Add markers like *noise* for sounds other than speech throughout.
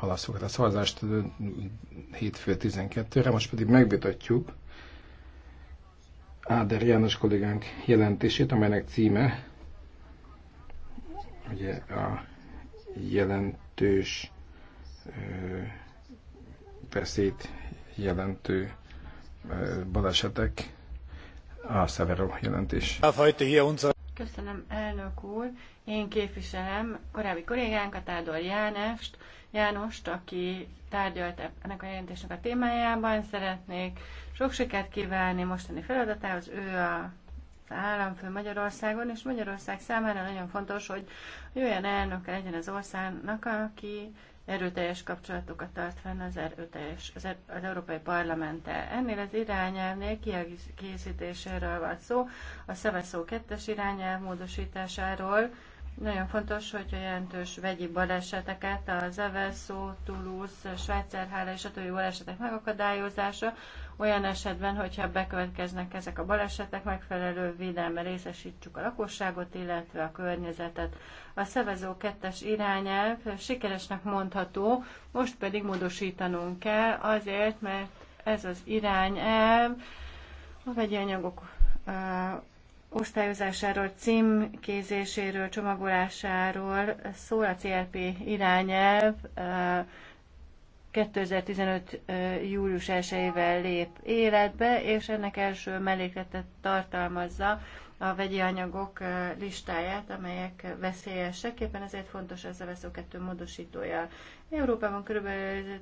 alaszokat hát a szavazást hétfő 12-re, most pedig megvitatjuk Áder János kollégánk jelentését, amelynek címe ugye a jelentős veszélyt jelentő balesetek a Severo jelentés. Köszönöm, elnök úr. Én képviselem korábbi kollégánkat, Ádor Jánást, Jánost, aki tárgyalt ennek a jelentésnek a témájában. Szeretnék sok sikert kívánni mostani feladatához. Ő a az államfő Magyarországon, és Magyarország számára nagyon fontos, hogy olyan elnök legyen az országnak, aki erőteljes kapcsolatokat tart fenn az, erőteljes, az, er, az Európai Parlamenttel. Ennél az irányelvnél kiegészítéséről van szó, a szavaszó kettes irányelv módosításáról, nagyon fontos, hogy a jelentős vegyi baleseteket, az Evelszó, Toulouse, Svájcerhála és a többi balesetek megakadályozása, olyan esetben, hogyha bekövetkeznek ezek a balesetek, megfelelő védelme részesítsük a lakosságot, illetve a környezetet. A szevezó kettes irányelv sikeresnek mondható, most pedig módosítanunk kell azért, mert ez az irányelv a vegyi anyagok osztályozásáról, címkézéséről, csomagolásáról szól a CLP irányelv, 2015. július 1-ével lép életbe, és ennek első melléketet tartalmazza a vegyi anyagok listáját, amelyek veszélyesek. Éppen ezért fontos ez a veszélykettő módosítója. Európában kb.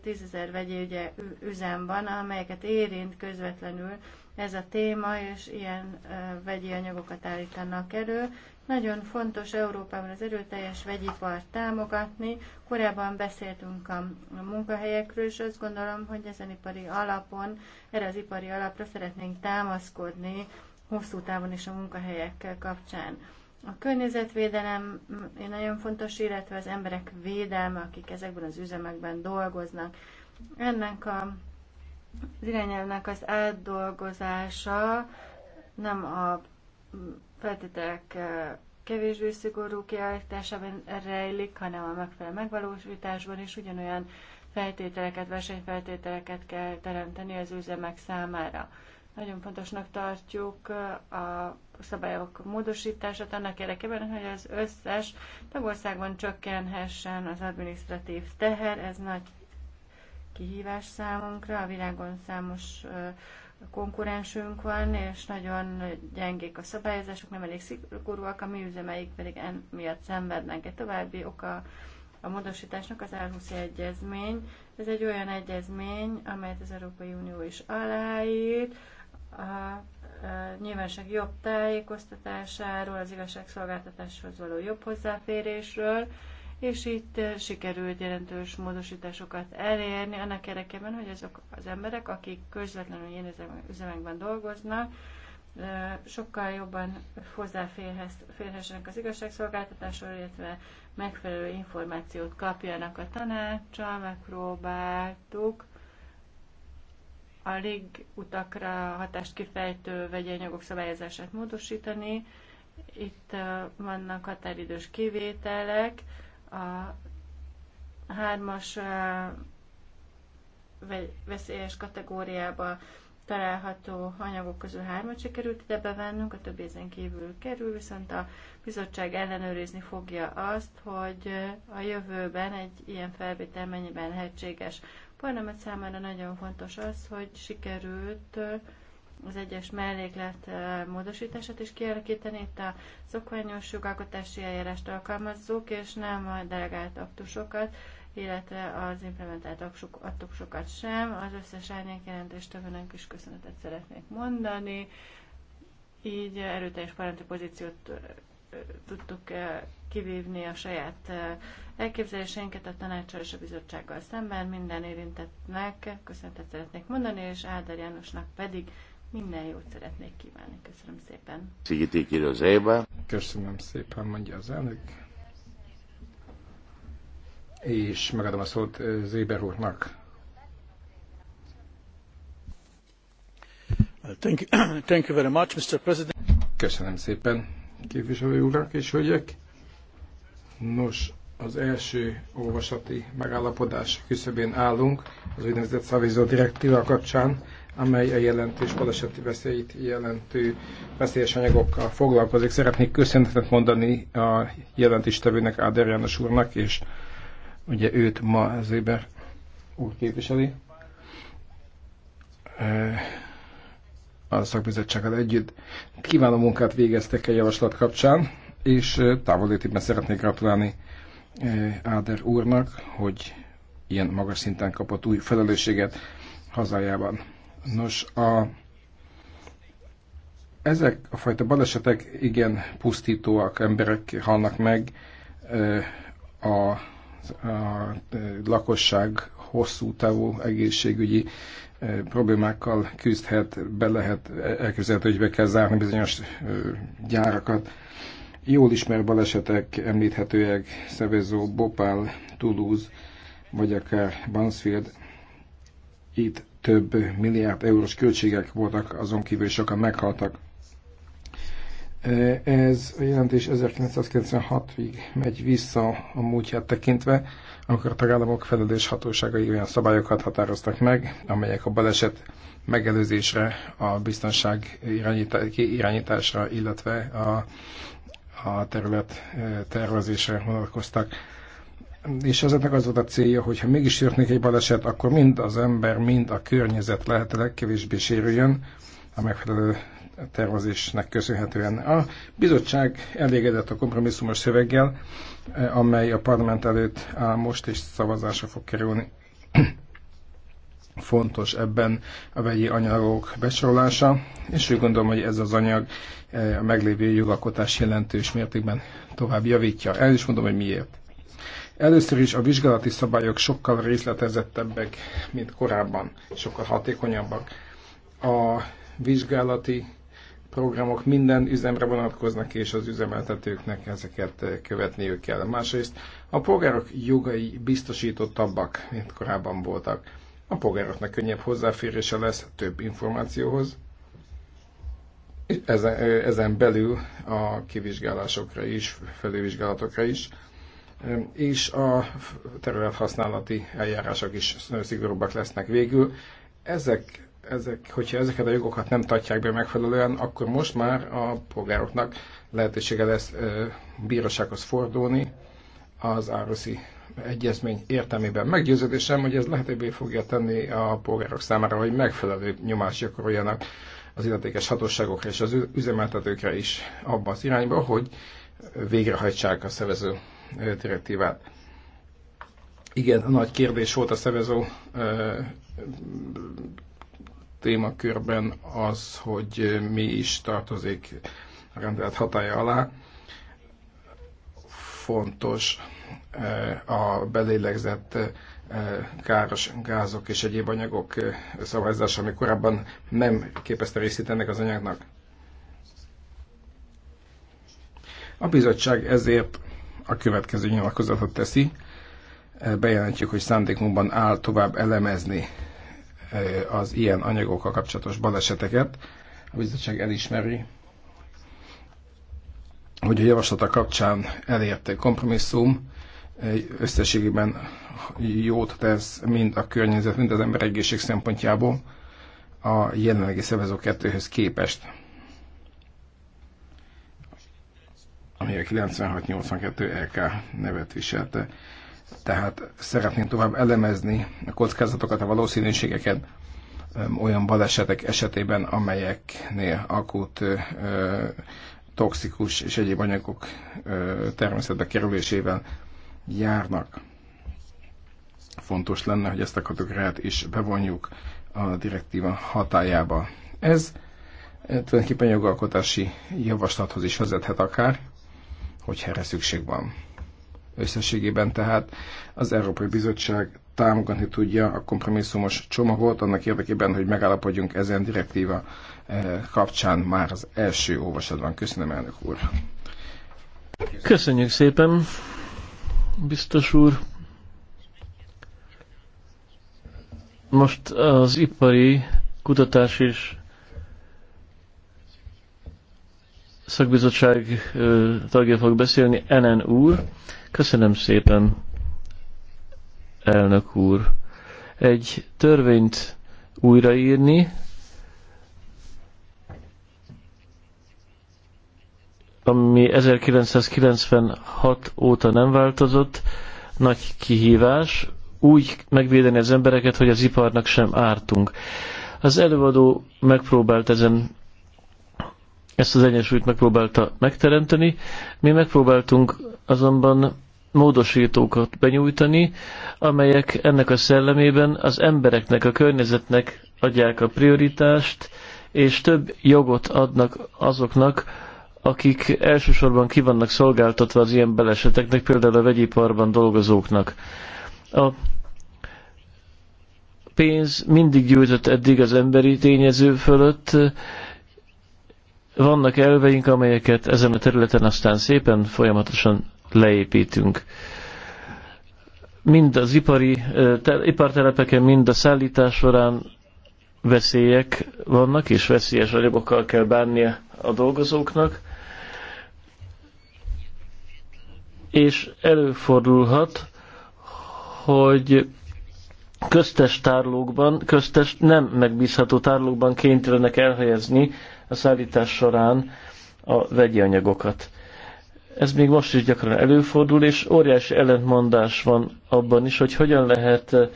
10 ezer vegyi ugye, üzem van, amelyeket érint közvetlenül ez a téma, és ilyen vegyi anyagokat állítanak elő. Nagyon fontos Európában az erőteljes vegyipart támogatni. Korábban beszéltünk a munkahelyekről, és azt gondolom, hogy ezen ipari alapon, erre az ipari alapra szeretnénk támaszkodni hosszú távon is a munkahelyekkel kapcsán. A környezetvédelem mm, nagyon fontos, illetve az emberek védelme, akik ezekben az üzemekben dolgoznak. Ennek a az irányelvnek az átdolgozása nem a feltételek kevésbé szigorú kiállításában rejlik, hanem a megfelelő megvalósításban is ugyanolyan feltételeket, versenyfeltételeket kell teremteni az üzemek számára. Nagyon fontosnak tartjuk a szabályok módosítását annak érdekében, hogy az összes tagországban csökkenhessen az adminisztratív teher, ez nagy kihívás számunkra, a világon számos konkurensünk van, és nagyon gyengék a szabályozások, nem elég szigorúak, a mi üzemeik pedig miatt szenvednek. Egy további oka a módosításnak az Elhuszi Egyezmény. Ez egy olyan egyezmény, amelyet az Európai Unió is aláírt, a, a nyilvánosság jobb tájékoztatásáról, az igazságszolgáltatáshoz való jobb hozzáférésről, és itt eh, sikerült jelentős módosításokat elérni annak érdekében, hogy azok az emberek, akik közvetlenül ilyen üzemekben dolgoznak, eh, sokkal jobban hozzáférhessenek az igazságszolgáltatásról, illetve megfelelő információt kapjanak a tanácsal, megpróbáltuk a légutakra hatást kifejtő vegyi szabályozását módosítani. Itt eh, vannak határidős kivételek, a hármas veszélyes kategóriába található anyagok közül hármat sikerült ide bevennünk, a többi ezen kívül kerül, viszont a bizottság ellenőrizni fogja azt, hogy a jövőben egy ilyen felvétel mennyiben lehetséges. A parlament számára nagyon fontos az, hogy sikerült az egyes melléklet módosítását is kialakítani. Itt a szokványos jogalkotási eljárást alkalmazzuk, és nem a delegált aktusokat, illetve az implementált aktusokat sem. Az összes árnyékjelentéstevőnek is köszönetet szeretnék mondani. Így erőteljes parlamenti pozíciót tudtuk kivívni a saját elképzeléseinket a tanácsal és a bizottsággal szemben. Minden érintettnek köszöntet szeretnék mondani, és Áder Jánosnak pedig minden jót szeretnék kívánni. Köszönöm szépen. Szigiti Zéba. Köszönöm szépen, mondja az elnök. És megadom a szót eh, Zéber úrnak. Thank you, *coughs* thank you very much, Mr. President. Köszönöm szépen, képviselő úrnak és hölgyek. Nos, az első olvasati megállapodás küszöbén állunk az úgynevezett szavizó direktíva kapcsán, amely a jelentős baleseti veszélyt jelentő veszélyes anyagokkal foglalkozik. Szeretnék köszönetet mondani a jelentéstevőnek, Áder János úrnak, és ugye őt ma az éber úr képviseli. A szakbizottsággal együtt kívánom munkát végeztek a javaslat kapcsán, és távolítében szeretnék gratulálni Áder úrnak, hogy ilyen magas szinten kapott új felelősséget hazájában. Nos, a, ezek a fajta balesetek igen pusztítóak, emberek halnak meg, a, a, a lakosság hosszú távú egészségügyi problémákkal küzdhet, be lehet, elképzelhető, hogy be kell zárni bizonyos gyárakat. Jól ismert balesetek említhetőek Szevezó, Bopál, Toulouse, vagy akár Bansfield. Itt több milliárd eurós költségek voltak, azon kívül sokan meghaltak. Ez a jelentés 1996-ig megy vissza a múltját tekintve, amikor a tagállamok felelős hatóságai olyan szabályokat határoztak meg, amelyek a baleset megelőzésre, a biztonság irányításra, illetve a, a terület tervezésre vonatkoztak és ezeknek az volt a célja, hogy ha mégis történik egy baleset, akkor mind az ember, mind a környezet lehet a legkevésbé sérüljön a megfelelő tervezésnek köszönhetően. A bizottság elégedett a kompromisszumos szöveggel, eh, amely a parlament előtt áll most, és szavazásra fog kerülni. *clears throat* Fontos ebben a vegyi anyagok besorolása, és úgy gondolom, hogy ez az anyag eh, a meglévő jogalkotás jelentős mértékben tovább javítja. El is mondom, hogy miért. Először is a vizsgálati szabályok sokkal részletezettebbek, mint korábban, sokkal hatékonyabbak. A vizsgálati programok minden üzemre vonatkoznak, és az üzemeltetőknek ezeket követniük kell. Másrészt a polgárok jogai biztosítottabbak, mint korábban voltak. A polgároknak könnyebb hozzáférése lesz több információhoz, ezen, ezen belül a kivizsgálásokra is, felülvizsgálatokra is és a területhasználati eljárások is szigorúbbak lesznek végül. Ezek, ezek, hogyha ezeket a jogokat nem tartják be megfelelően, akkor most már a polgároknak lehetősége lesz bírósághoz fordulni az áruszi egyezmény értelmében. Meggyőződésem, hogy ez lehetővé fogja tenni a polgárok számára, hogy megfelelő nyomást gyakoroljanak az illetékes hatóságokra és az üzemeltetőkre is abba az irányba, hogy végrehajtsák a szervező direktívát. Igen, nagy kérdés volt a szervező témakörben az, hogy mi is tartozik a rendelet hatája alá. Fontos a belélegzett káros gázok és egyéb anyagok szabályozása, ami korábban nem képezte részét ennek az anyagnak. A bizottság ezért a következő nyilatkozatot teszi. Bejelentjük, hogy szándékunkban áll tovább elemezni az ilyen anyagokkal kapcsolatos baleseteket. A bizottság elismeri, hogy a javaslata kapcsán elérte kompromisszum, összességében jót tesz mind a környezet, mind az ember egészség szempontjából a jelenlegi szervező kettőhöz képest. amely a 9682 LK nevet viselte. Tehát szeretném tovább elemezni a kockázatokat, a valószínűségeket olyan balesetek esetében, amelyeknél akut ö, toxikus és egyéb anyagok ö, természetbe kerülésével járnak. Fontos lenne, hogy ezt a kategóriát is bevonjuk a direktíva hatájába. Ez tulajdonképpen jogalkotási javaslathoz is vezethet akár, hogy erre szükség van. Összességében tehát az Európai Bizottság támogatni tudja a kompromisszumos csomagot annak érdekében, hogy megállapodjunk ezen direktíva eh, kapcsán már az első olvasatban. Köszönöm, elnök úr! Köszönjük szépen, biztos úr! Most az ipari kutatás és szakbizottság tagja fog beszélni, Enen úr. Köszönöm szépen, elnök úr. Egy törvényt újraírni, ami 1996 óta nem változott, nagy kihívás, úgy megvédeni az embereket, hogy az iparnak sem ártunk. Az előadó megpróbált ezen ezt az egyensúlyt megpróbálta megteremteni. Mi megpróbáltunk azonban módosítókat benyújtani, amelyek ennek a szellemében az embereknek, a környezetnek adják a prioritást, és több jogot adnak azoknak, akik elsősorban kivannak szolgáltatva az ilyen beleseteknek, például a vegyiparban dolgozóknak. A pénz mindig gyűjtött eddig az emberi tényező fölött, vannak elveink, amelyeket ezen a területen aztán szépen folyamatosan leépítünk. Mind az ipari, te, ipartelepeken, mind a szállítás során veszélyek vannak, és veszélyes anyagokkal kell bánnia a dolgozóknak, és előfordulhat, hogy köztes tárlókban, köztes nem megbízható tárlókban kénytelenek elhelyezni a szállítás során a vegyi anyagokat. Ez még most is gyakran előfordul, és óriási ellentmondás van abban is, hogy hogyan lehet eh,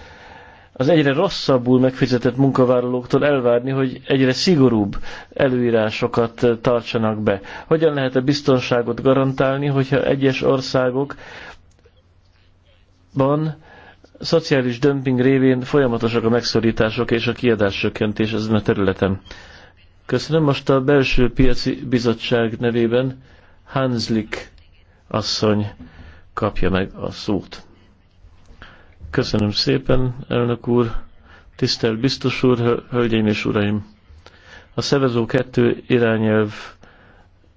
az egyre rosszabbul megfizetett munkavállalóktól elvárni, hogy egyre szigorúbb előírásokat eh, tartsanak be. Hogyan lehet a biztonságot garantálni, hogyha egyes országokban szociális dömping révén folyamatosak a megszorítások és a kiadáscsökkentés ezen a területen. Köszönöm. Most a belső piaci bizottság nevében Hanslik asszony kapja meg a szót. Köszönöm szépen, elnök úr, tisztelt biztos úr, hölgyeim és uraim! A Szevezó kettő irányelv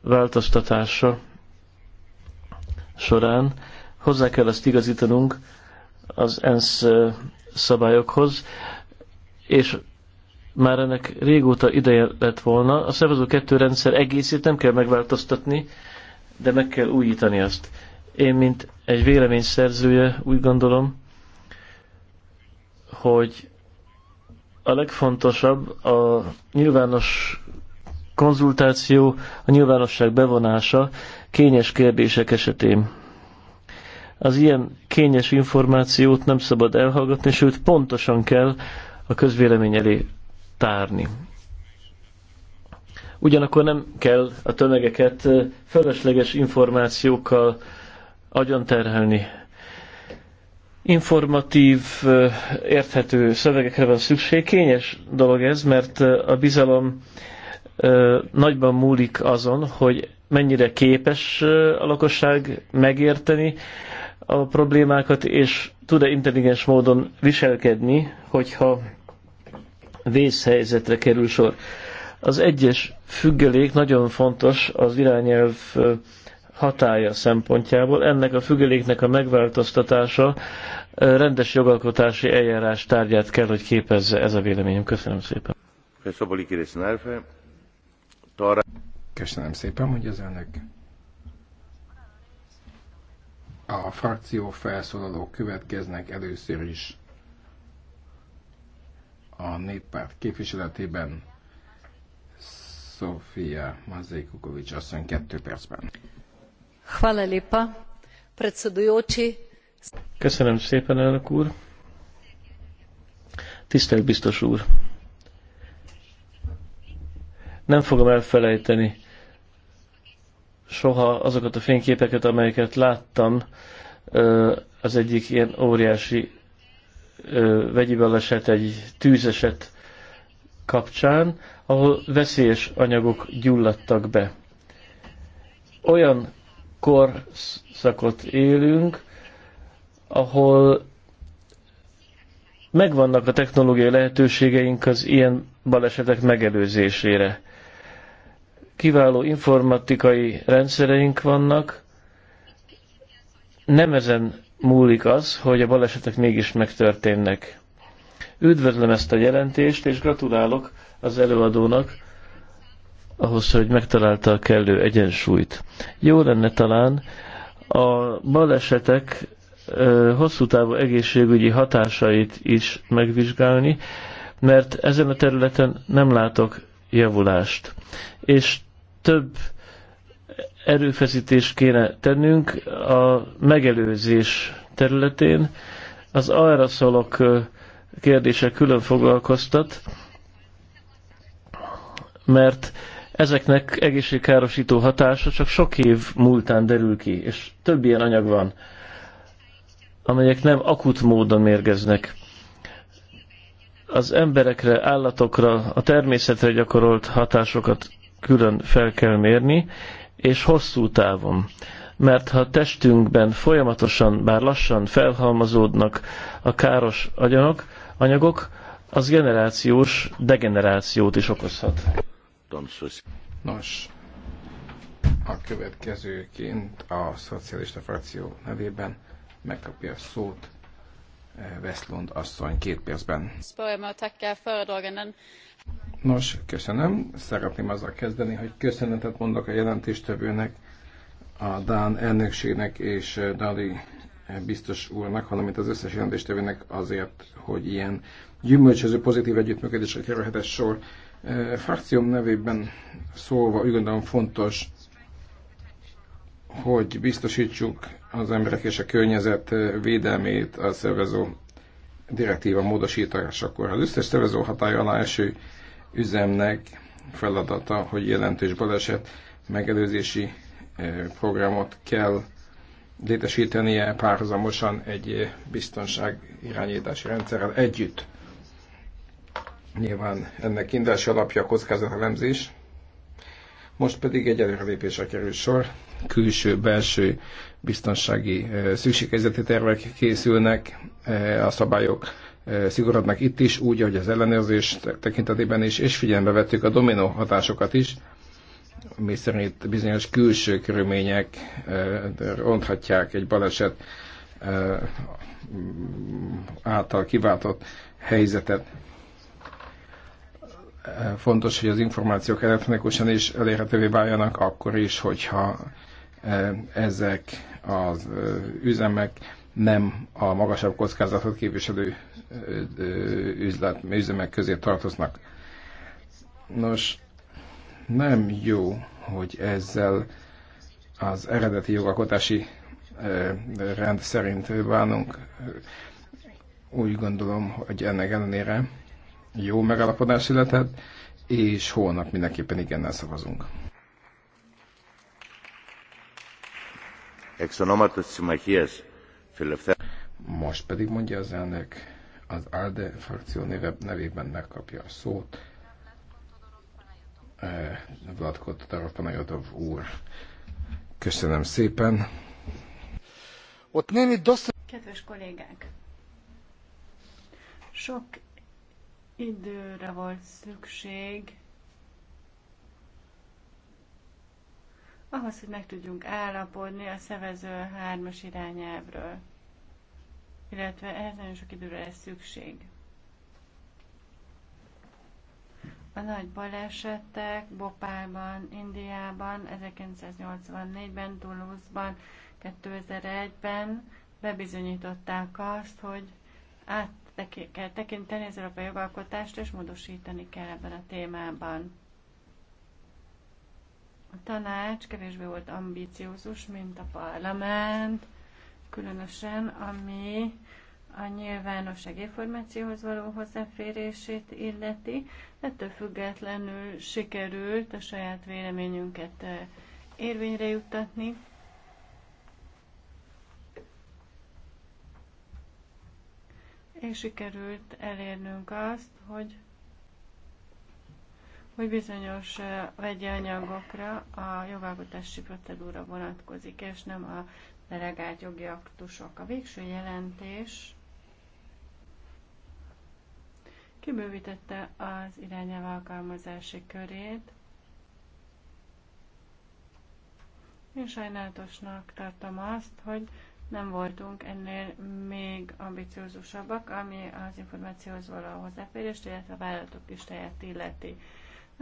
változtatása során hozzá kell ezt igazítanunk az ENSZ szabályokhoz, és már ennek régóta ideje lett volna. A szervező kettő rendszer egészét nem kell megváltoztatni, de meg kell újítani azt. Én, mint egy vélemény szerzője úgy gondolom, hogy a legfontosabb a nyilvános konzultáció, a nyilvánosság bevonása kényes kérdések esetén. Az ilyen kényes információt nem szabad elhallgatni, sőt pontosan kell a közvélemény elé tárni. Ugyanakkor nem kell a tömegeket fölösleges információkkal agyonterhelni. Informatív, érthető szövegekre van szükség. Kényes dolog ez, mert a bizalom nagyban múlik azon, hogy mennyire képes a lakosság megérteni a problémákat, és tud-e intelligens módon viselkedni, hogyha vészhelyzetre kerül sor. Az egyes függelék nagyon fontos az irányelv hatája szempontjából. Ennek a függeléknek a megváltoztatása rendes jogalkotási eljárás tárgyát kell, hogy képezze. Ez a véleményem. Köszönöm szépen. Köszönöm szépen, hogy az elnök. A frakció felszólalók következnek először is a néppárt képviseletében Sofia Mazej Kukovics asszony kettő percben. Hvala lépa, predsedujoči. Köszönöm szépen, elnök úr. Tisztelt biztos úr! Nem fogom elfelejteni soha azokat a fényképeket, amelyeket láttam az egyik ilyen óriási vegyi baleset, egy tűzeset kapcsán, ahol veszélyes anyagok gyulladtak be. Olyan korszakot élünk, ahol megvannak a technológiai lehetőségeink az ilyen balesetek megelőzésére. Kiváló informatikai rendszereink vannak, nem ezen múlik az, hogy a balesetek mégis megtörténnek. Üdvözlöm ezt a jelentést, és gratulálok az előadónak ahhoz, hogy megtalálta a kellő egyensúlyt. Jó lenne talán a balesetek hosszú távú egészségügyi hatásait is megvizsgálni, mert ezen a területen nem látok javulást. És több erőfeszítést kéne tennünk a megelőzés területén. Az aeroszolok kérdése külön foglalkoztat, mert ezeknek egészségkárosító hatása csak sok év múltán derül ki, és több ilyen anyag van, amelyek nem akut módon mérgeznek. Az emberekre, állatokra, a természetre gyakorolt hatásokat külön fel kell mérni, és hosszú távon. Mert ha a testünkben folyamatosan, bár lassan felhalmozódnak a káros agyanok, anyagok, az generációs degenerációt is okozhat. Nos, a következőként a szocialista frakció nevében megkapja a szót Veszlund asszony két percben. Nos, köszönöm. Szeretném azzal kezdeni, hogy köszönetet mondok a jelentéstevőnek, a Dán elnökségnek és Dali biztos úrnak, valamint az összes jelentéstevőnek azért, hogy ilyen gyümölcsöző pozitív együttműködésre kerülhetett sor. E, frakcióm nevében szólva úgy gondolom fontos, hogy biztosítsuk az emberek és a környezet eh, védelmét a szervező direktíva módosításakor. Az összes szervező hatály alá eső üzemnek feladata, hogy jelentős baleset megelőzési eh, programot kell létesítenie párhuzamosan egy eh, biztonság irányítási rendszerrel együtt. Nyilván ennek indási alapja a kockázatelemzés, most pedig egy előrelépésre kerül sor, külső-belső biztonsági szükséghelyzeti tervek készülnek, a szabályok szigorodnak itt is, úgy, ahogy az ellenőrzés tekintetében is, és figyelembe vettük a dominó hatásokat is, mi szerint bizonyos külső körülmények ronthatják egy baleset által kiváltott helyzetet. Fontos, hogy az információk elektronikusan is elérhetővé váljanak, akkor is, hogyha ezek az üzemek nem a magasabb kockázatot képviselő üzlet, üzemek közé tartoznak. Nos, nem jó, hogy ezzel az eredeti jogalkotási rend szerint bánunk. Úgy gondolom, hogy ennek ellenére jó megállapodás született, és holnap mindenképpen igennel szavazunk. Most pedig mondja az elnök, az ALDE frakció néve, nevében megkapja a szót. Eh, Vladko Todorov Panajotov úr. Köszönöm szépen. Kedves kollégák! Sok időre volt szükség ahhoz, hogy meg tudjunk állapodni a szevező hármas irányelvről. Illetve ehhez nagyon sok időre lesz szükség. A nagy balesetek Bopában, Indiában, 1984-ben, Toulouse-ban, 2001-ben bebizonyították azt, hogy át kell tekinteni az európai jogalkotást, és módosítani kell ebben a témában. A tanács kevésbé volt ambíciózus, mint a parlament, különösen ami a nyilvános információhoz való hozzáférését illeti, ettől függetlenül sikerült a saját véleményünket érvényre juttatni. És sikerült elérnünk azt, hogy hogy bizonyos vegyi anyagokra a jogalkotási procedúra vonatkozik, és nem a delegált jogi aktusok. A végső jelentés kibővítette az irányelv alkalmazási körét, Én sajnálatosnak tartom azt, hogy nem voltunk ennél még ambiciózusabbak, ami az információhoz való hozzáférést, illetve a vállalatok listáját illeti.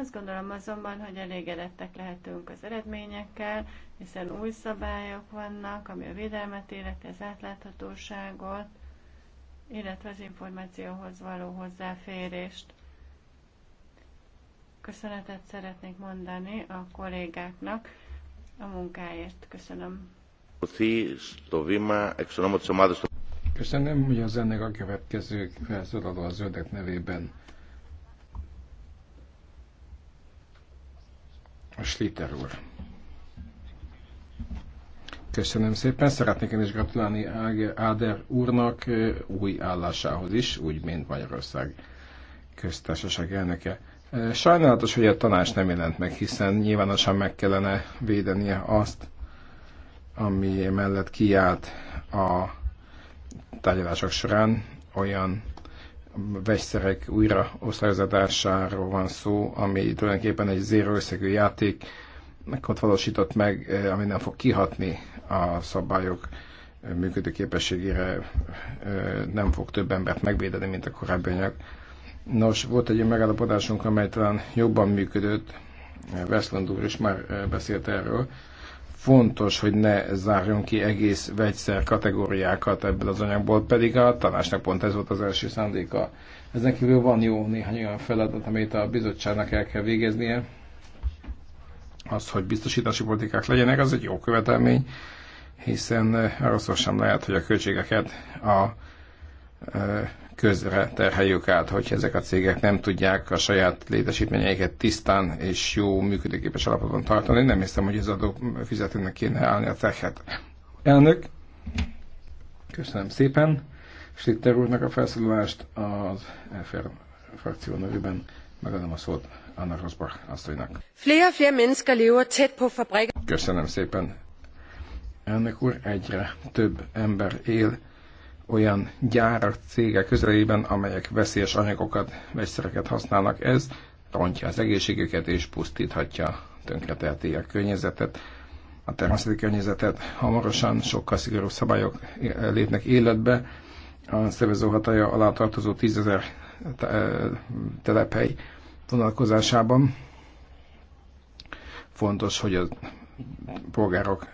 Azt gondolom azonban, hogy elégedettek lehetünk az eredményekkel, hiszen új szabályok vannak, ami a védelmet illeti, az átláthatóságot, illetve az információhoz való hozzáférést. Köszönetet szeretnék mondani a kollégáknak a munkáért. Köszönöm. Köszönöm, hogy az ennek a következő felszólaló a zöldek nevében. Sliter úr. Köszönöm szépen. Szeretnék én is gratulálni Áder úrnak új állásához is, úgy, mint Magyarország köztársaság elnöke. Sajnálatos, hogy a tanács nem jelent meg, hiszen nyilvánosan meg kellene védenie azt, ami mellett kiállt a tárgyalások során olyan vegyszerek újraosztályozatásáról van szó, ami tulajdonképpen egy zéró összegű játék, ott valósított meg, eh, ami nem fog kihatni a szabályok működőképességére, eh, nem fog több embert megvédeni, mint a korábbi anyag. Nos, volt egy olyan megállapodásunk, amely talán jobban működött, eh, Veszland úr is már beszélt erről, fontos, hogy ne zárjon ki egész vegyszer kategóriákat ebből az anyagból, pedig a tanácsnak pont ez volt az első szándéka. Ezen kívül van jó néhány olyan feladat, amit a bizottságnak el kell végeznie. Az, hogy biztosítási politikák legyenek, az egy jó követelmény, hiszen arra sem lehet, hogy a költségeket a közre terheljük át, hogyha ezek a cégek nem tudják a saját létesítményeiket tisztán és jó működőképes alapon tartani. Nem hiszem, hogy az adó fizetőnek kéne állni a terhet. Elnök, köszönöm szépen. Slitter úrnak a felszólalást az EFR frakció nevében. Megadom a szót Anna Rosbach asszonynak. Köszönöm szépen. Elnök úr, egyre több ember él olyan gyárak, cégek közelében, amelyek veszélyes anyagokat, vegyszereket használnak. Ez rontja az egészségüket és pusztíthatja, tönkreteheti a környezetet, a természeti környezetet. Hamarosan sokkal szigorúbb szabályok lépnek életbe. A szervező hatája alá tartozó tízezer e, telephely vonatkozásában fontos, hogy a polgárok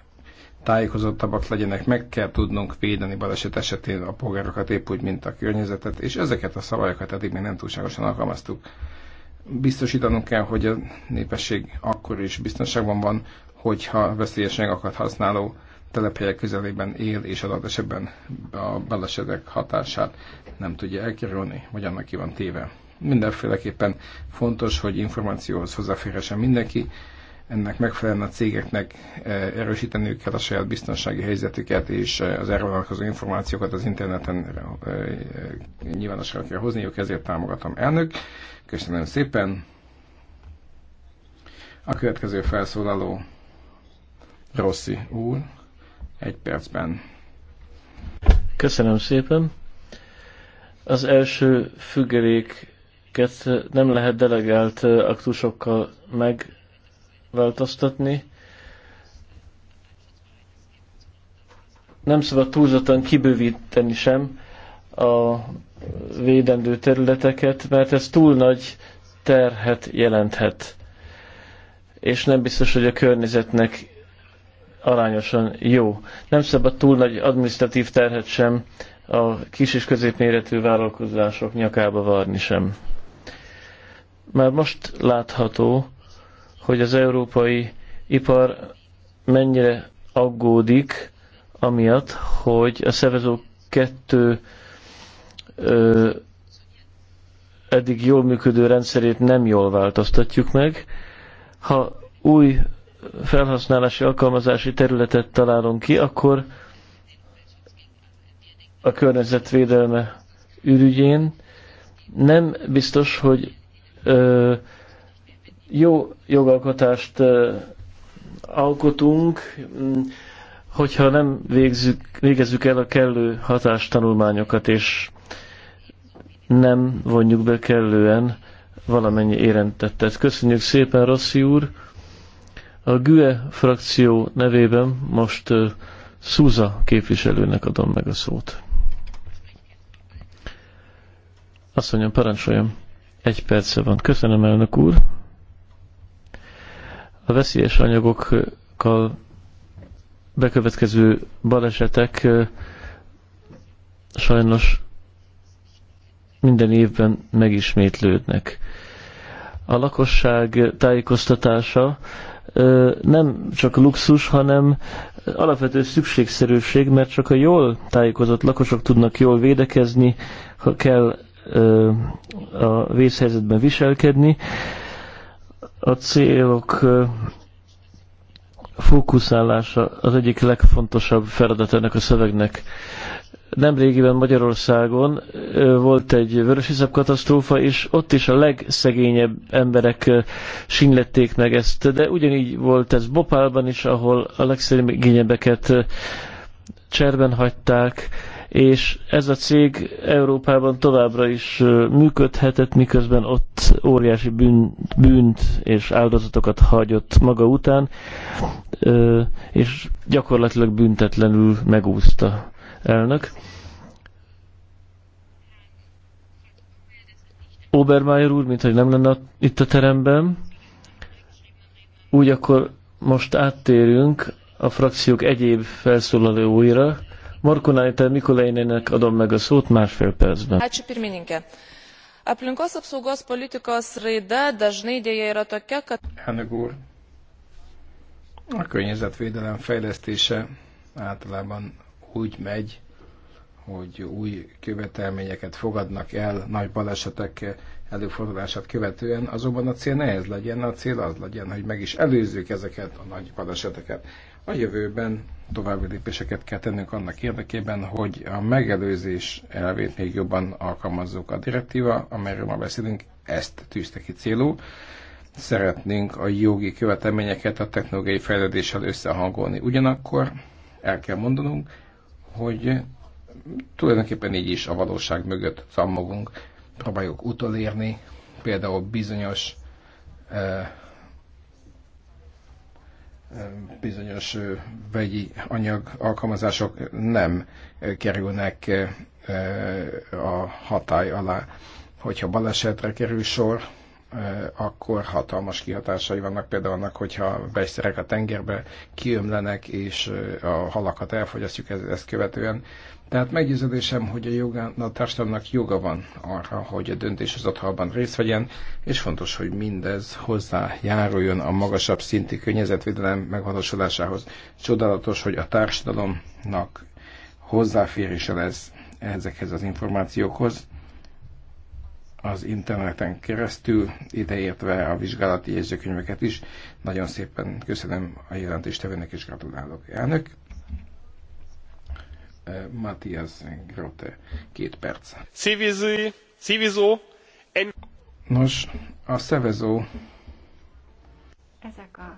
tájékozottabbak legyenek, meg kell tudnunk védeni baleset esetén a polgárokat épp úgy, mint a környezetet, és ezeket a szabályokat eddig még nem túlságosan alkalmaztuk. Biztosítanunk kell, hogy a népesség akkor is biztonságban van, hogyha veszélyes anyagokat használó telephelyek közelében él, és adott esetben a balesetek hatását nem tudja elkerülni, vagy annak ki van téve. Mindenféleképpen fontos, hogy információhoz hozzáférhessen mindenki, ennek megfelelően a cégeknek eh, erősíteniük kell a saját biztonsági helyzetüket, és eh, az erről vonatkozó információkat az interneten eh, nyilvánosra kell hozniuk, ezért támogatom elnök. Köszönöm szépen. A következő felszólaló Rossi úr, egy percben. Köszönöm szépen. Az első függeléket nem lehet delegált aktusokkal meg változtatni. Nem szabad túlzottan kibővíteni sem a védendő területeket, mert ez túl nagy terhet jelenthet. És nem biztos, hogy a környezetnek arányosan jó. Nem szabad túl nagy administratív terhet sem a kis és középméretű vállalkozások nyakába varni sem. Már most látható, hogy az európai ipar mennyire aggódik amiatt, hogy a szervező kettő ö, eddig jól működő rendszerét nem jól változtatjuk meg. Ha új felhasználási alkalmazási területet találunk ki, akkor a környezetvédelme ürügyén nem biztos, hogy ö, jó jogalkotást alkotunk, mm, hogyha nem végzük, végezzük el a kellő hatástanulmányokat, és nem vonjuk be kellően valamennyi érintettet. Köszönjük szépen, Rossi úr! A GUE frakció nevében most Szúza képviselőnek adom meg a szót. Azt mondjam, parancsoljam. Egy perce van. Köszönöm, elnök úr! A veszélyes anyagokkal bekövetkező balesetek sajnos minden évben megismétlődnek. A lakosság tájékoztatása nem csak luxus, hanem alapvető szükségszerűség, mert csak a jól tájékozott lakosok tudnak jól védekezni, ha kell a vészhelyzetben viselkedni. A célok fókuszálása az egyik legfontosabb feladat ennek a szövegnek. Nemrégiben Magyarországon volt egy vörösiszap katasztrófa, és ott is a legszegényebb emberek sinlették meg ezt, de ugyanígy volt ez Bopálban is, ahol a legszegényebbeket cserben hagyták, és ez a cég Európában továbbra is működhetett, miközben ott óriási bűn, bűnt és áldozatokat hagyott maga után, és gyakorlatilag büntetlenül megúszta elnök. Obermeyer úr, mint hogy nem lenne itt a teremben, úgy akkor most áttérünk a frakciók egyéb felszólalóira, Morkunaitė Mikulainének adom meg a szót másfél percben. Ačiū pirmininkė. Aplinkos apsaugos politikos raida dažnai dėja yra tokia, kad... Elnök a környezetvédelem fejlesztése általában úgy megy, hogy új követelményeket fogadnak el nagy balesetek előfordulását követően, azonban a cél ne ez legyen, a cél az legyen, hogy meg is előzzük ezeket a nagy baleseteket. A jövőben további lépéseket kell tennünk annak érdekében, hogy a megelőzés elvét még jobban alkalmazzuk. A direktíva, amelyről ma beszélünk, ezt tűzte ki célú Szeretnénk a jogi követelményeket a technológiai fejlődéssel összehangolni. Ugyanakkor el kell mondanunk, hogy tulajdonképpen így is a valóság mögött szammogunk, próbáljuk utolérni például bizonyos eh, bizonyos vegyi anyag alkalmazások nem kerülnek a hatály alá. Hogyha balesetre kerül sor, akkor hatalmas kihatásai vannak például annak, hogyha vegyszerek a tengerbe kiömlenek, és a halakat elfogyasztjuk ezt követően, tehát meggyőződésem, hogy a, joga, a társadalomnak joga van arra, hogy a döntéshozatalban részt vegyen, és fontos, hogy mindez hozzájáruljon a magasabb szinti környezetvédelem megvalósulásához. Csodálatos, hogy a társadalomnak hozzáférése lesz ezekhez az információkhoz az interneten keresztül, ideértve a vizsgálati jegyzőkönyveket is. Nagyon szépen köszönöm a jelentéstevőnek és gratulálok elnök. Matthias Grote. Két perc. Civizi, civizó, en... Nos, a szevezó. Ezek a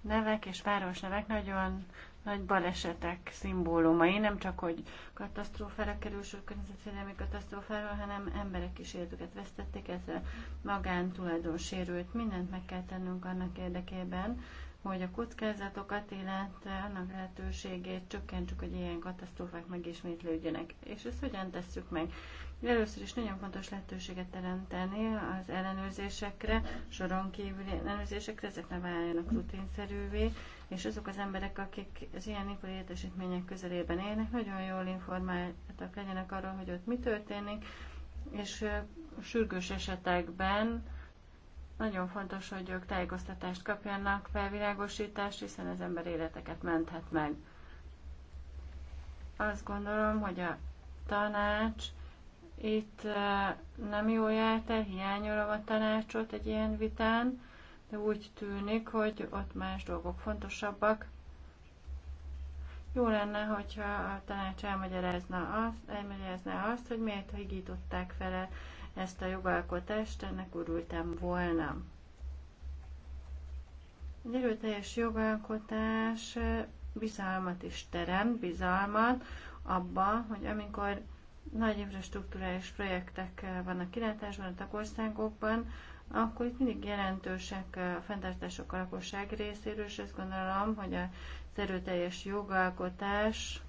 nevek és városnevek nagyon nagy balesetek szimbólumai, nem csak, hogy katasztrófára kerül sor környezetvédelmi katasztrófáról, hanem emberek is életüket vesztették, ez a magántulajdon sérült. Mindent meg kell tennünk annak érdekében, hogy a kockázatokat, illetve annak lehetőségét csökkentsük, hogy ilyen katasztrófák megismétlődjenek. És ezt hogyan tesszük meg? Először is nagyon fontos lehetőséget teremteni az ellenőrzésekre, soron kívüli ellenőrzésekre, ezek ne váljanak rutinszerűvé, és azok az emberek, akik az ilyen ipari létesítmények közelében élnek, nagyon jól informáltak legyenek arról, hogy ott mi történik, és sürgős esetekben nagyon fontos, hogy ők tájékoztatást kapjanak, felvilágosítást, hiszen ez ember életeket menthet meg. Azt gondolom, hogy a tanács itt eh, nem jó járt el, hiányolom a tanácsot egy ilyen vitán, de úgy tűnik, hogy ott más dolgok fontosabbak. Jó lenne, hogyha a tanács elmagyarázna azt, elmagyarázna azt hogy miért higították fel ezt a jogalkotást, ennek urultam volna. Egy erőteljes jogalkotás bizalmat is teremt, bizalmat abba, hogy amikor nagy infrastruktúrális projektek vannak kilátásban a tagországokban, akkor itt mindig jelentősek a fenntartások a lakosság részéről, és azt gondolom, hogy a erőteljes jogalkotás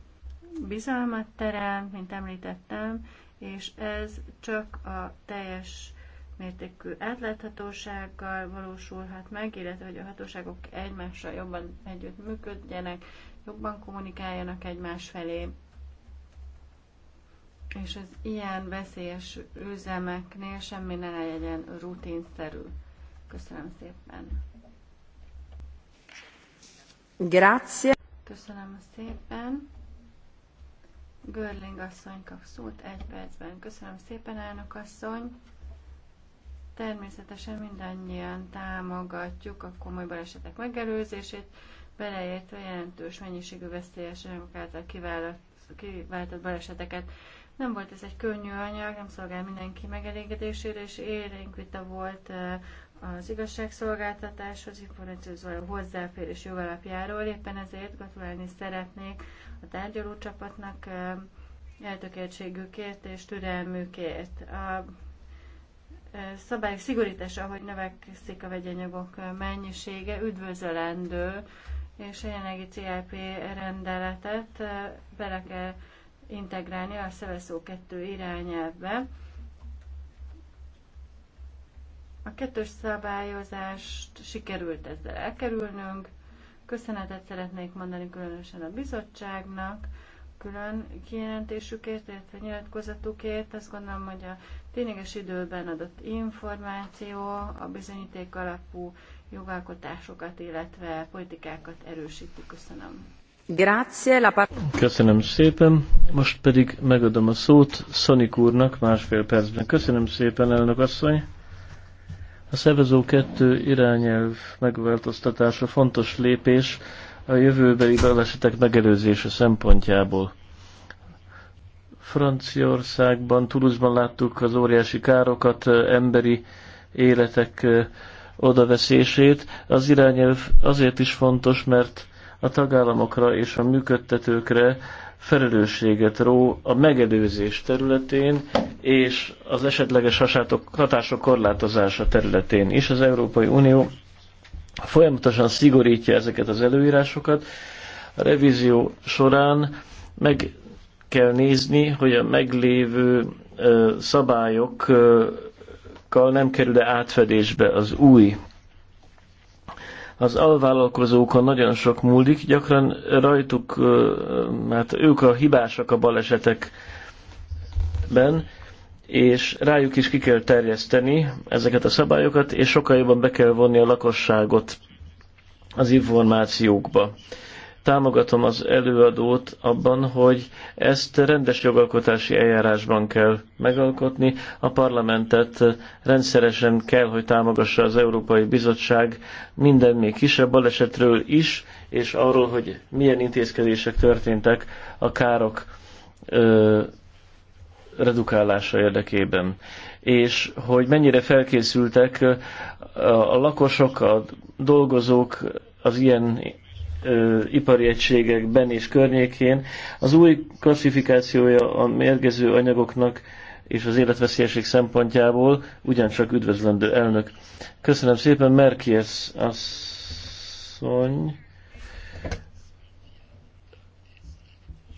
bizalmat teremt, mint említettem, és ez csak a teljes mértékű átláthatósággal valósulhat meg, illetve hogy a hatóságok egymással jobban együtt működjenek, jobban kommunikáljanak egymás felé. És az ilyen veszélyes üzemeknél semmi ne legyen rutinszerű. Köszönöm szépen. Grazie. Köszönöm szépen. Görling asszony kap szót egy percben. Köszönöm szépen, elnök asszony. Természetesen mindannyian támogatjuk a komoly balesetek megelőzését, beleértve jelentős mennyiségű veszélyes anyagok által kiváltott baleseteket. Nem volt ez egy könnyű anyag, nem szolgál mindenki megelégedésére, és élénk vita volt eh, az igazságszolgáltatáshoz, információhoz való hozzáférés jogalapjáról. Éppen ezért gratulálni szeretnék a tárgyalócsapatnak eltökéltségükért és türelmükért. A szabályok szigorítása, ahogy növekszik a vegyanyagok mennyisége, üdvözölendő, és a jelenlegi CLP rendeletet bele kell integrálni a Szeveszó 2 irányelvbe. A kettős szabályozást sikerült ezzel elkerülnünk. Köszönetet szeretnék mondani különösen a bizottságnak, külön kijelentésükért, illetve nyilatkozatukért. Azt gondolom, hogy a tényleges időben adott információ a bizonyíték alapú jogalkotásokat, illetve politikákat erősíti. Köszönöm. Köszönöm szépen. Most pedig megadom a szót Szonik úrnak másfél percben. Köszönöm szépen, elnök asszony. A Szevezó kettő irányelv megváltoztatása fontos lépés a jövőbeli balesetek megelőzése szempontjából. Franciaországban, Toulouse-ban láttuk az óriási károkat, emberi életek odaveszését. Az irányelv azért is fontos, mert a tagállamokra és a működtetőkre felelősséget ró a megelőzés területén és az esetleges hatások korlátozása területén is. Az Európai Unió folyamatosan szigorítja ezeket az előírásokat. A revízió során meg kell nézni, hogy a meglévő szabályokkal nem kerül-e átfedésbe az új az alvállalkozókon nagyon sok múlik, gyakran rajtuk, mert hát ők a hibásak a balesetekben, és rájuk is ki kell terjeszteni ezeket a szabályokat, és sokkal jobban be kell vonni a lakosságot az információkba támogatom az előadót abban, hogy ezt rendes jogalkotási eljárásban kell megalkotni. A parlamentet rendszeresen kell, hogy támogassa az Európai Bizottság minden még kisebb balesetről is, és arról, hogy milyen intézkedések történtek a károk ö, redukálása érdekében. És hogy mennyire felkészültek a lakosok, a dolgozók az ilyen ö, ipari egységekben és környékén. Az új klasszifikációja a mérgező anyagoknak és az életveszélyeség szempontjából ugyancsak üdvözlendő elnök. Köszönöm szépen, Merkies asszony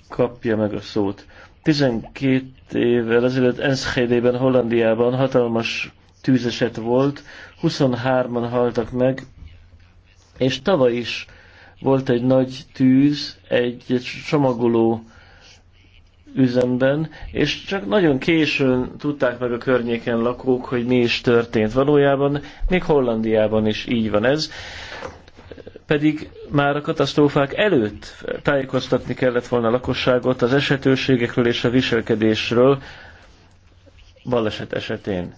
kapja meg a szót. 12 évvel ezelőtt Enschede-ben, Hollandiában hatalmas tűzeset volt, 23-an haltak meg, és tavaly is volt egy nagy tűz egy csomagoló üzemben, és csak nagyon későn tudták meg a környéken lakók, hogy mi is történt valójában. Még Hollandiában is így van ez. Pedig már a katasztrófák előtt tájékoztatni kellett volna a lakosságot az esetőségekről és a viselkedésről baleset esetén.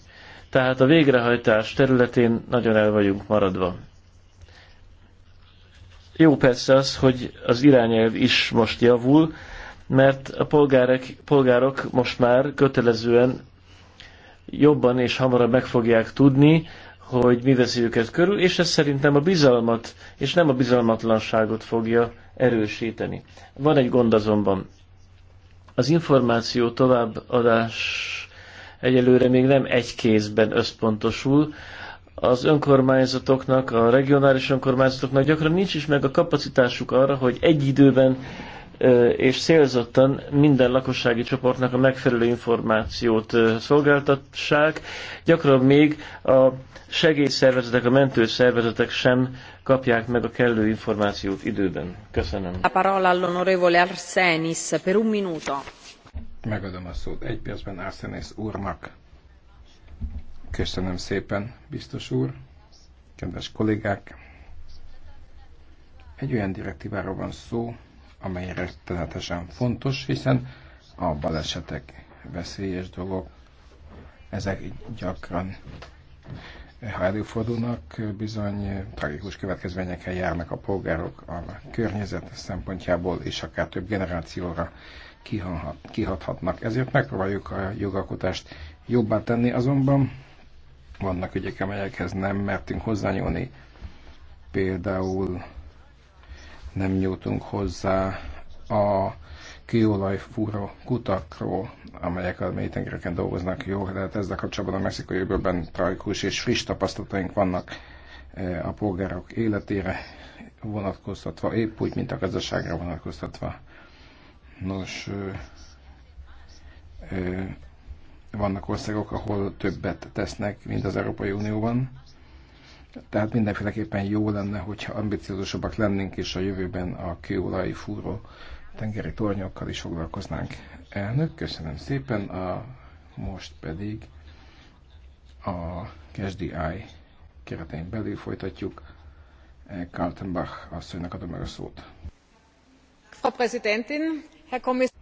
Tehát a végrehajtás területén nagyon el vagyunk maradva. Jó persze az, hogy az irányelv is most javul, mert a polgárok, polgárok most már kötelezően jobban és hamarabb meg fogják tudni, hogy mi veszi őket körül, és ez szerintem a bizalmat, és nem a bizalmatlanságot fogja erősíteni. Van egy gond azonban. Az információ továbbadás egyelőre még nem egy kézben összpontosul, az önkormányzatoknak, a regionális önkormányzatoknak gyakran nincs is meg a kapacitásuk arra, hogy egy időben és célzottan minden lakossági csoportnak a megfelelő információt szolgáltassák. Gyakran még a segélyszervezetek, a mentőszervezetek sem kapják meg a kellő információt időben. Köszönöm. A parola all'onorevole Arsenis per un minuto. Megadom a szót egy percben Arsenis úrnak. Köszönöm szépen, biztos úr, kedves kollégák! Egy olyan direktíváról van szó, amely rettenetesen fontos, hiszen a balesetek veszélyes dolgok, ezek gyakran, ha előfordulnak, bizony tragikus következményekkel járnak a polgárok a környezet szempontjából, és akár több generációra kihathatnak. Ezért megpróbáljuk a jogalkotást jobbá tenni, azonban vannak ügyek, amelyekhez nem mertünk hozzányúlni. Például nem nyújtunk hozzá a kőolajfúró kutakról, amelyek a mélytengereken dolgoznak jó, de hát ezzel kapcsolatban a mexikai jövőben tragikus és friss tapasztalataink vannak e, a polgárok életére vonatkoztatva, épp úgy, mint a gazdaságra vonatkoztatva. Nos, vannak országok, ahol többet tesznek, mint az Európai Unióban. Tehát mindenféleképpen jó lenne, hogyha ambiciózusabbak lennénk, és a jövőben a kőolaj fúró tengeri tornyokkal is foglalkoznánk. Elnök, köszönöm szépen, a, most pedig a KSDI keretein belül folytatjuk. Eh, Kaltenbach asszonynak adom meg a szót. Frau Präsidentin, Herr Kommissar.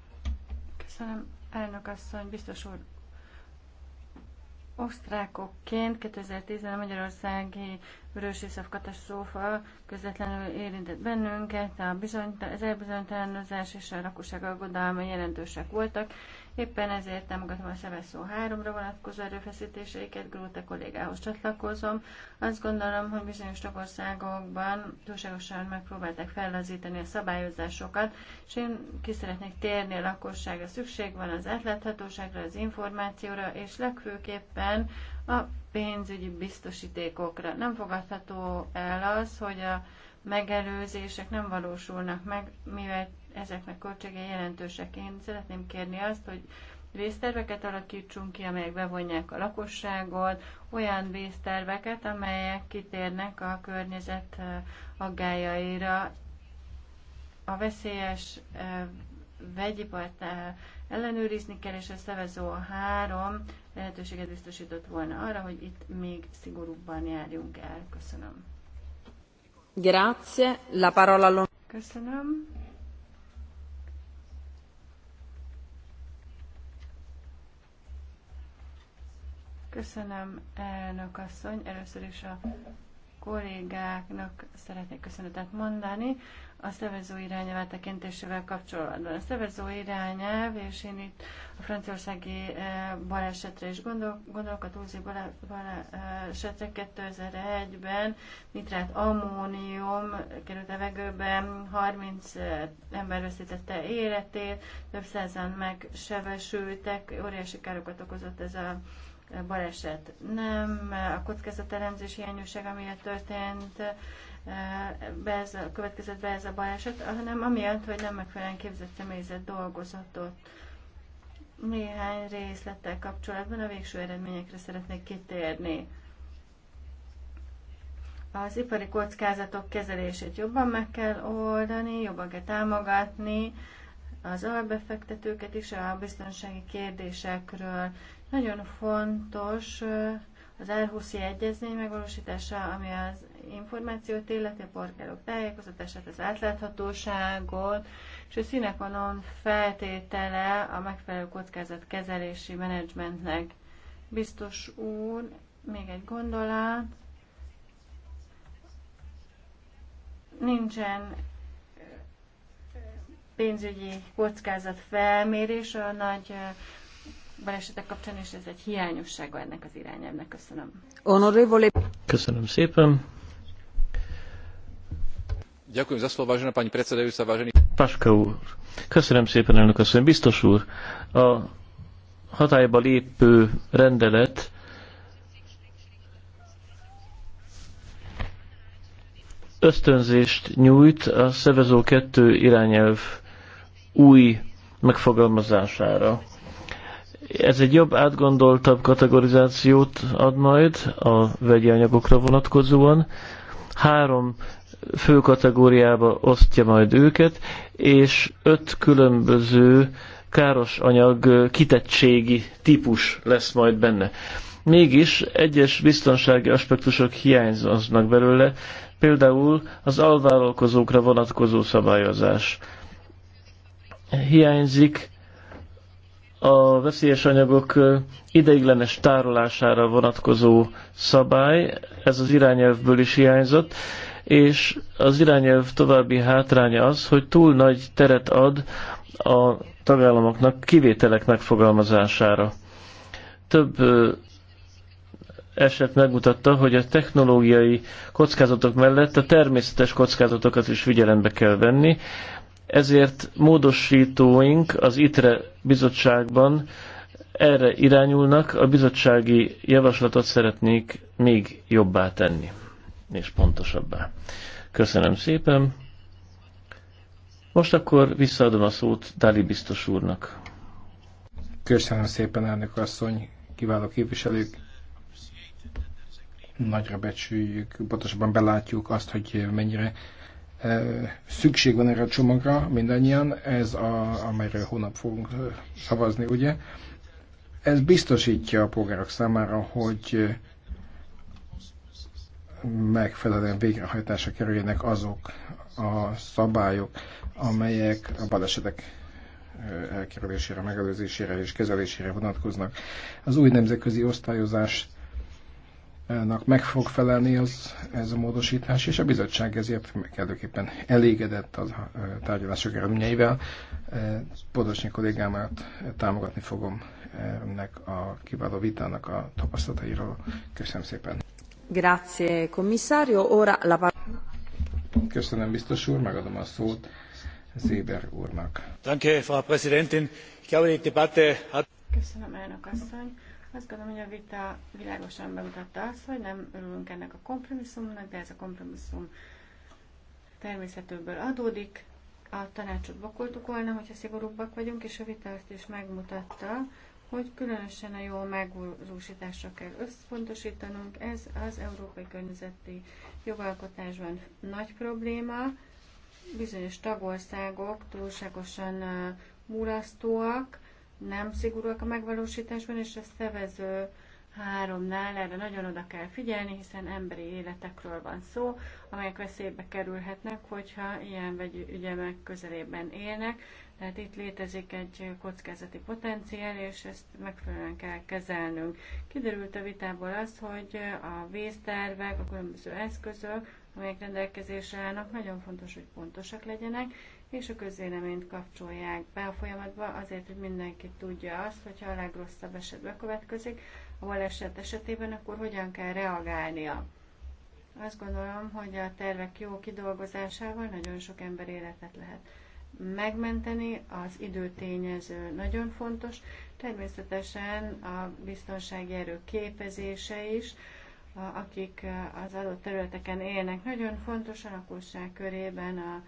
Köszönöm, elnök asszony, biztos úr, Osztrákokként 2010-ben a Magyarországi Vörös Iszap katasztrófa közvetlenül érintett bennünket, a bizonyta, az elbizonytalanozás és a lakosság aggodalma jelentősek voltak, Éppen ezért támogatom a Szeveszó 3-ra vonatkozó erőfeszítéseiket, Gróta kollégához csatlakozom. Azt gondolom, hogy bizonyos tagországokban túlságosan megpróbálták fellazítani a szabályozásokat, és én ki szeretnék térni a lakosságra. Szükség van az átláthatóságra, az információra, és legfőképpen a pénzügyi biztosítékokra. Nem fogadható el az, hogy a megelőzések nem valósulnak meg, mivel ezeknek költségei jelentősek. Én szeretném kérni azt, hogy vészterveket alakítsunk ki, amelyek bevonják a lakosságot, olyan vészterveket, amelyek kitérnek a környezet eh, aggájaira, a veszélyes eh, vegyipart eh, ellenőrizni kell, és a szevezó a három lehetőséget biztosított volna arra, hogy itt még szigorúbban járjunk el. Köszönöm. Grazie. La parola Köszönöm. Köszönöm, elnök asszony. Először is a kollégáknak szeretnék köszönetet mondani. A szervező irányelv tekintésével kapcsolatban. A szervező irányelv, és én itt a franciaországi eh, balesetre is gondol, gondolok, a túlzi balesetre 2001-ben nitrát ammónium került vegőbe, 30 eh, ember veszítette életét, több százan megsebesültek, óriási károkat okozott ez a baleset. Nem a kockázatelemzés hiányossága miatt történt, be ez a, következett be ez a baleset, hanem amiatt, hogy nem megfelelően képzett személyzet dolgozott ott. Néhány részlettel kapcsolatban a végső eredményekre szeretnék kitérni. Az ipari kockázatok kezelését jobban meg kell oldani, jobban kell támogatni az albefektetőket is a biztonsági kérdésekről nagyon fontos az elhúszi egyezmény megvalósítása, ami az információt illeti, a polgárok tájékozatását, az átláthatóságot, és a színekonon feltétele a megfelelő kockázatkezelési menedzsmentnek. Biztos úr, még egy gondolat. Nincsen pénzügyi kockázat felmérés a nagy balesetek kapcsán, és ez egy hiányossága ennek az irányelvnek. Köszönöm. Honorable. Köszönöm szépen. Gyakorlom za slovo, vážená pani predsedajúca, vážený... Paska úr. Köszönöm szépen, elnök asszony. Biztos úr, a hatályba lépő rendelet ösztönzést nyújt a Szevezó 2 irányelv új megfogalmazására. Ez egy jobb, átgondoltabb kategorizációt ad majd a vegyi anyagokra vonatkozóan. Három fő kategóriába osztja majd őket, és öt különböző káros anyag kitettségi típus lesz majd benne. Mégis egyes biztonsági aspektusok hiányoznak belőle, például az alvállalkozókra vonatkozó szabályozás. Hiányzik a veszélyes anyagok ideiglenes tárolására vonatkozó szabály, ez az irányelvből is hiányzott, és az irányelv további hátránya az, hogy túl nagy teret ad a tagállamoknak kivételek megfogalmazására. Több eset megmutatta, hogy a technológiai kockázatok mellett a természetes kockázatokat is figyelembe kell venni, ezért módosítóink az ITRE bizottságban erre irányulnak, a bizottsági javaslatot szeretnék még jobbá tenni, és pontosabbá. Köszönöm szépen. Most akkor visszaadom a szót Dali biztos úrnak. Köszönöm szépen, elnök asszony, kiváló képviselők. Nagyra becsüljük, pontosabban belátjuk azt, hogy mennyire Szükség van erre a csomagra mindannyian, ez a, amelyről hónap fogunk szavazni, ugye? Ez biztosítja a polgárok számára, hogy megfelelően végrehajtásra kerüljenek azok a szabályok, amelyek a balesetek elkerülésére, megelőzésére és kezelésére vonatkoznak. Az új nemzetközi osztályozás nak meg fog felelni az, ez a módosítás, és a bizottság ezért kellőképpen elégedett a tárgyalások eredményeivel. Podosnyi kollégámat támogatni fogom ennek a kiváló vitának a tapasztalatairól. Köszönöm szépen. Grazie, commissario. Ora la Köszönöm, biztos úr, megadom a szót Zéber úrnak. Danke, Frau Präsidentin. Ich glaube, die Debatte hat... Köszönöm, elnök asszony azt gondolom, hogy a vita világosan bemutatta azt, hogy nem örülünk ennek a kompromisszumnak, de ez a kompromisszum természetőből adódik. A tanácsot bokoltuk volna, hogyha szigorúbbak vagyunk, és a vita azt is megmutatta, hogy különösen a jó megvalósításra kell összpontosítanunk. Ez az európai környezeti jogalkotásban nagy probléma. Bizonyos tagországok túlságosan uh, múlasztóak, nem szigorúak a megvalósításban, és a szevező háromnál erre nagyon oda kell figyelni, hiszen emberi életekről van szó, amelyek veszélybe kerülhetnek, hogyha ilyen vagy ügyemek közelében élnek. Tehát itt létezik egy kockázati potenciál, és ezt megfelelően kell kezelnünk. Kiderült a vitából az, hogy a vésztervek, a különböző eszközök, amelyek rendelkezésre állnak, nagyon fontos, hogy pontosak legyenek, és a közvéleményt kapcsolják be a folyamatba, azért, hogy mindenki tudja azt, hogyha a legrosszabb eset bekövetkezik, a baleset esetében, akkor hogyan kell reagálnia. Azt gondolom, hogy a tervek jó kidolgozásával nagyon sok ember életet lehet megmenteni, az időtényező nagyon fontos, természetesen a biztonsági erő képezése is, akik az adott területeken élnek, nagyon fontos a lakosság körében a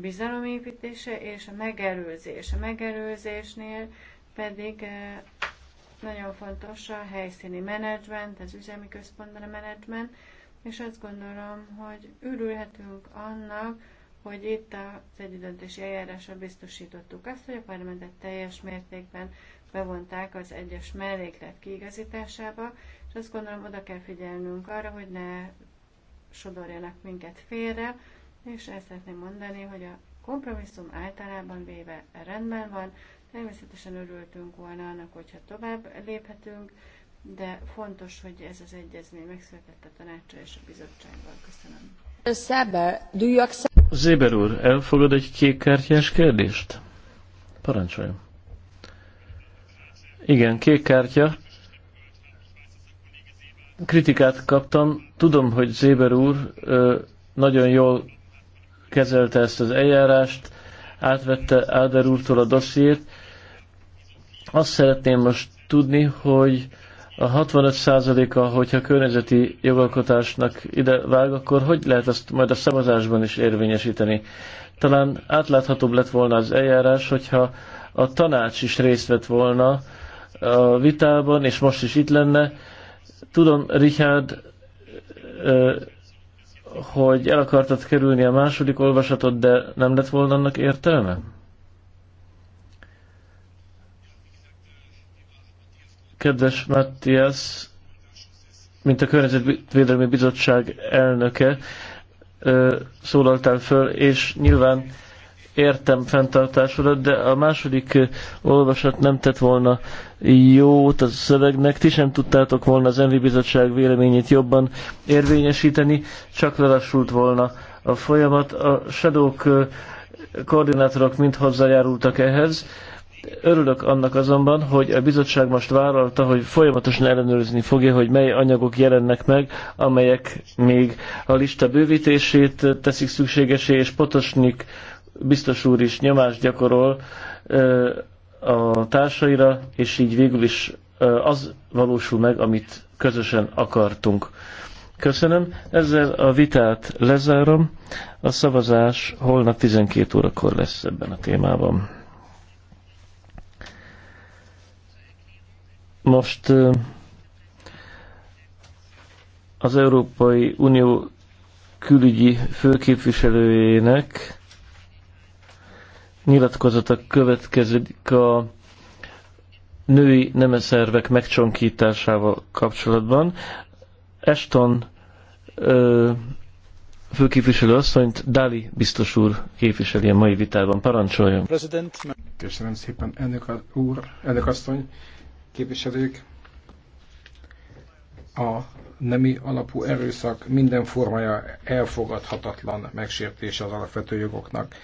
bizalomépítése és a megelőzés. A megelőzésnél pedig eh, nagyon fontos a helyszíni menedzsment, az üzemi központban a menedzsment, és azt gondolom, hogy ürülhetünk annak, hogy itt az egyidöntési eljárásra biztosítottuk azt, hogy a parlamentet teljes mértékben bevonták az egyes melléklet kiigazításába, és azt gondolom, oda kell figyelnünk arra, hogy ne sodorjanak minket félre, és el szeretném mondani, hogy a kompromisszum általában véve rendben van, természetesen örültünk volna annak, hogyha tovább léphetünk, de fontos, hogy ez az egyezmény megszületett a tanácsa és a bizottsággal. Köszönöm. Zéber úr, elfogad egy kékkártyás kérdést? Parancsoljon. Igen, kék kártya. Kritikát kaptam. Tudom, hogy Zéber úr ö, nagyon jól kezelte ezt az eljárást, átvette Áder úrtól a dossziét. Azt szeretném most tudni, hogy a 65%-a, hogyha környezeti jogalkotásnak ide vág, akkor hogy lehet ezt majd a szavazásban is érvényesíteni? Talán átláthatóbb lett volna az eljárás, hogyha a tanács is részt vett volna a vitában, és most is itt lenne. Tudom, Richard, hogy el akartad kerülni a második olvasatot, de nem lett volna annak értelme? Kedves Matthias, mint a Környezetvédelmi Bizottság elnöke, szólaltál föl, és nyilván értem fenntartásodat, de a második olvasat nem tett volna jót a szövegnek, ti sem tudtátok volna az Envi Bizottság véleményét jobban érvényesíteni, csak lelassult volna a folyamat. A sedók koordinátorok mind hozzájárultak ehhez. Örülök annak azonban, hogy a bizottság most vállalta, hogy folyamatosan ellenőrizni fogja, hogy mely anyagok jelennek meg, amelyek még a lista bővítését teszik szükségesé, és Potosnik biztos úr is nyomást gyakorol a társaira, és így végül is az valósul meg, amit közösen akartunk. Köszönöm. Ezzel a vitát lezárom. A szavazás holnap 12 órakor lesz ebben a témában. Most az Európai Unió külügyi főképviselőjének nyilatkozata következik a női nemeszervek megcsonkításával kapcsolatban. Eston ö, főképviselő asszonyt Dali biztos úr képviseli a mai vitában. Parancsoljon! Köszönöm szépen, elnök úr, elnök asszony, képviselők! A nemi alapú erőszak minden formája elfogadhatatlan megsértése az alapvető jogoknak.